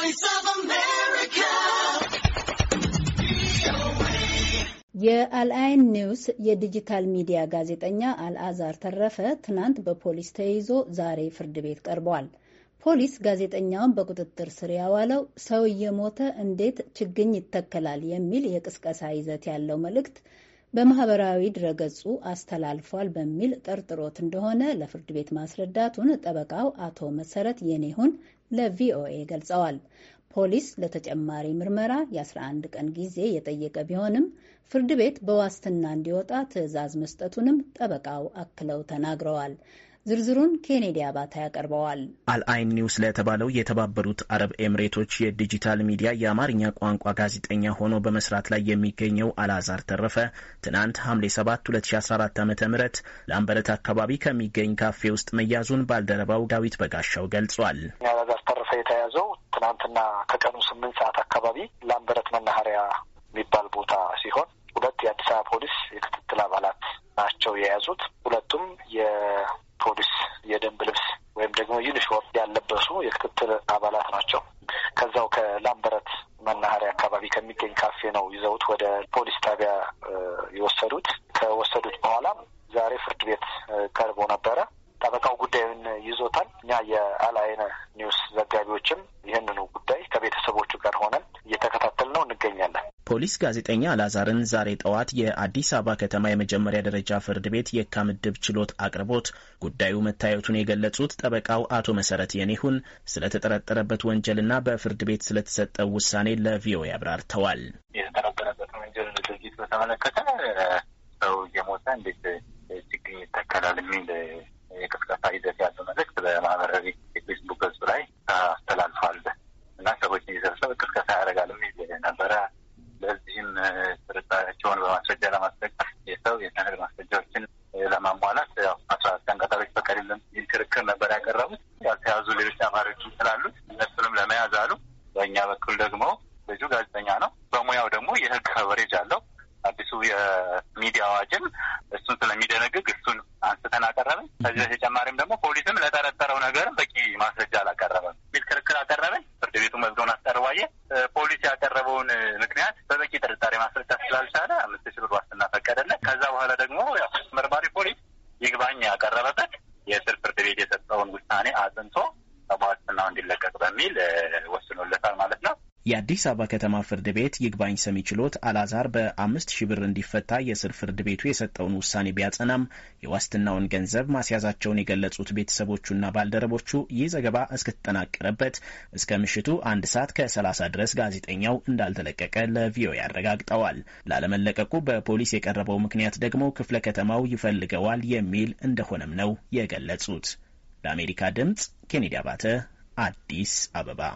ቮይስ የአልአይን ኒውስ የዲጂታል ሚዲያ ጋዜጠኛ አልአዛር ተረፈ ትናንት በፖሊስ ተይዞ ዛሬ ፍርድ ቤት ቀርቧል። ፖሊስ ጋዜጠኛውን በቁጥጥር ስር ያዋለው ሰው እየሞተ እንዴት ችግኝ ይተከላል የሚል የቅስቀሳ ይዘት ያለው መልእክት በማህበራዊ ድረገጹ አስተላልፏል በሚል ጠርጥሮት እንደሆነ ለፍርድ ቤት ማስረዳቱን ጠበቃው አቶ መሰረት የኔሁን ለቪኦኤ ገልጸዋል። ፖሊስ ለተጨማሪ ምርመራ የ11 ቀን ጊዜ የጠየቀ ቢሆንም ፍርድ ቤት በዋስትና እንዲወጣ ትዕዛዝ መስጠቱንም ጠበቃው አክለው ተናግረዋል። ዝርዝሩን ኬኔዲ አባታ ያቀርበዋል። አልአይን ኒውስ ለተባለው የተባበሩት አረብ ኤምሬቶች የዲጂታል ሚዲያ የአማርኛ ቋንቋ ጋዜጠኛ ሆኖ በመስራት ላይ የሚገኘው አልአዛር ተረፈ ትናንት ሐምሌ 7 2014 ዓ ም ለአንበረት አካባቢ ከሚገኝ ካፌ ውስጥ መያዙን ባልደረባው ዳዊት በጋሻው ገልጿል። አልአዛር ተረፈ የተያዘው ትናንትና ከቀኑ ስምንት ሰዓት አካባቢ ለአንበረት መናኸሪያ የሚባል ቦታ ሲሆን ሁለት የአዲስ አበባ ፖሊስ የክትትል አባላት ናቸው የያዙት። ሁለቱም ፖሊስ የደንብ ልብስ ወይም ደግሞ ዩኒፎርም ያለበሱ የክትትል አባላት ናቸው። ከዛው ከላምበረት መናኸሪያ አካባቢ ከሚገኝ ካፌ ነው ይዘውት ወደ ፖሊስ ጣቢያ የወሰዱት። ከወሰዱት በኋላም ዛሬ ፍርድ ቤት ቀርቦ ነበረ። ጠበቃው ፖሊስ ጋዜጠኛ አላዛርን ዛሬ ጠዋት የአዲስ አበባ ከተማ የመጀመሪያ ደረጃ ፍርድ ቤት የካ ምድብ ችሎት አቅርቦት ጉዳዩ መታየቱን የገለጹት ጠበቃው አቶ መሰረት የኔሁን ስለተጠረጠረበት ወንጀልና በፍርድ ቤት ስለተሰጠው ውሳኔ ለቪኦኤ አብራርተዋል። የተጠረጠረበት ወንጀል ድርጊት በተመለከተ ሰው እየሞተ እንዴት ችግኝ ይተከላል የሚል የቅስቀሳ ሂደት ያለው ነገር መሆናቸውን በማስረጃ ለማስደገፍ የሰው የሰነድ ማስረጃዎችን eh, ለማሟላት ያው አስራ አራት ቀን ቀጠሮ ይፈቀድልን የሚል ክርክር ነበር ያቀረቡት። ያልተያዙ ሌሎች ተማሪዎችም ስላሉ እነሱንም ለመያዝ አሉ። በእኛ በኩል ደግሞ ልጁ ጋዜጠኛ ነው፣ በሙያው ደግሞ የህግ ከቨሬጅ አለው። አዲሱ የሚዲያ አዋጅም እሱን ስለሚደነግግ እሱን አንስተን አቀረብን። ከዚህ በተጨማሪም ደግሞ ፖሊስም ለጠረጠረው ነገርም በቂ ማስረጃ አላቀረበም የሚል ክርክር አቀረብን። ፍርድ ቤቱ መዝገቡን አስጠርባየ ፖሊስ ያቀረበውን ምክንያት በበቂ ማስረዳት ስላልቻለ አምስት ሺህ ብር ዋስትና ፈቀደለት። ከዛ በኋላ ደግሞ ያው መርማሪ ፖሊስ ይግባኝ ያቀረበበት የስር ፍርድ ቤት የሰጠውን ውሳኔ አጥንቶ በዋስትና እንዲለቀቅ በሚል ወስኖለታል ማለት የአዲስ አበባ ከተማ ፍርድ ቤት ይግባኝ ሰሚ ችሎት አልአዛር በአምስት ሺህ ብር እንዲፈታ የስር ፍርድ ቤቱ የሰጠውን ውሳኔ ቢያጸናም የዋስትናውን ገንዘብ ማስያዛቸውን የገለጹት ቤተሰቦቹና ባልደረቦቹ ይህ ዘገባ እስክትጠናቀረበት እስከ ምሽቱ አንድ ሰዓት ከ30 ድረስ ጋዜጠኛው እንዳልተለቀቀ ለቪኦኤ አረጋግጠዋል። ላለመለቀቁ በፖሊስ የቀረበው ምክንያት ደግሞ ክፍለ ከተማው ይፈልገዋል የሚል እንደሆነም ነው የገለጹት። ለአሜሪካ ድምጽ ኬኔዲ አባተ አዲስ አበባ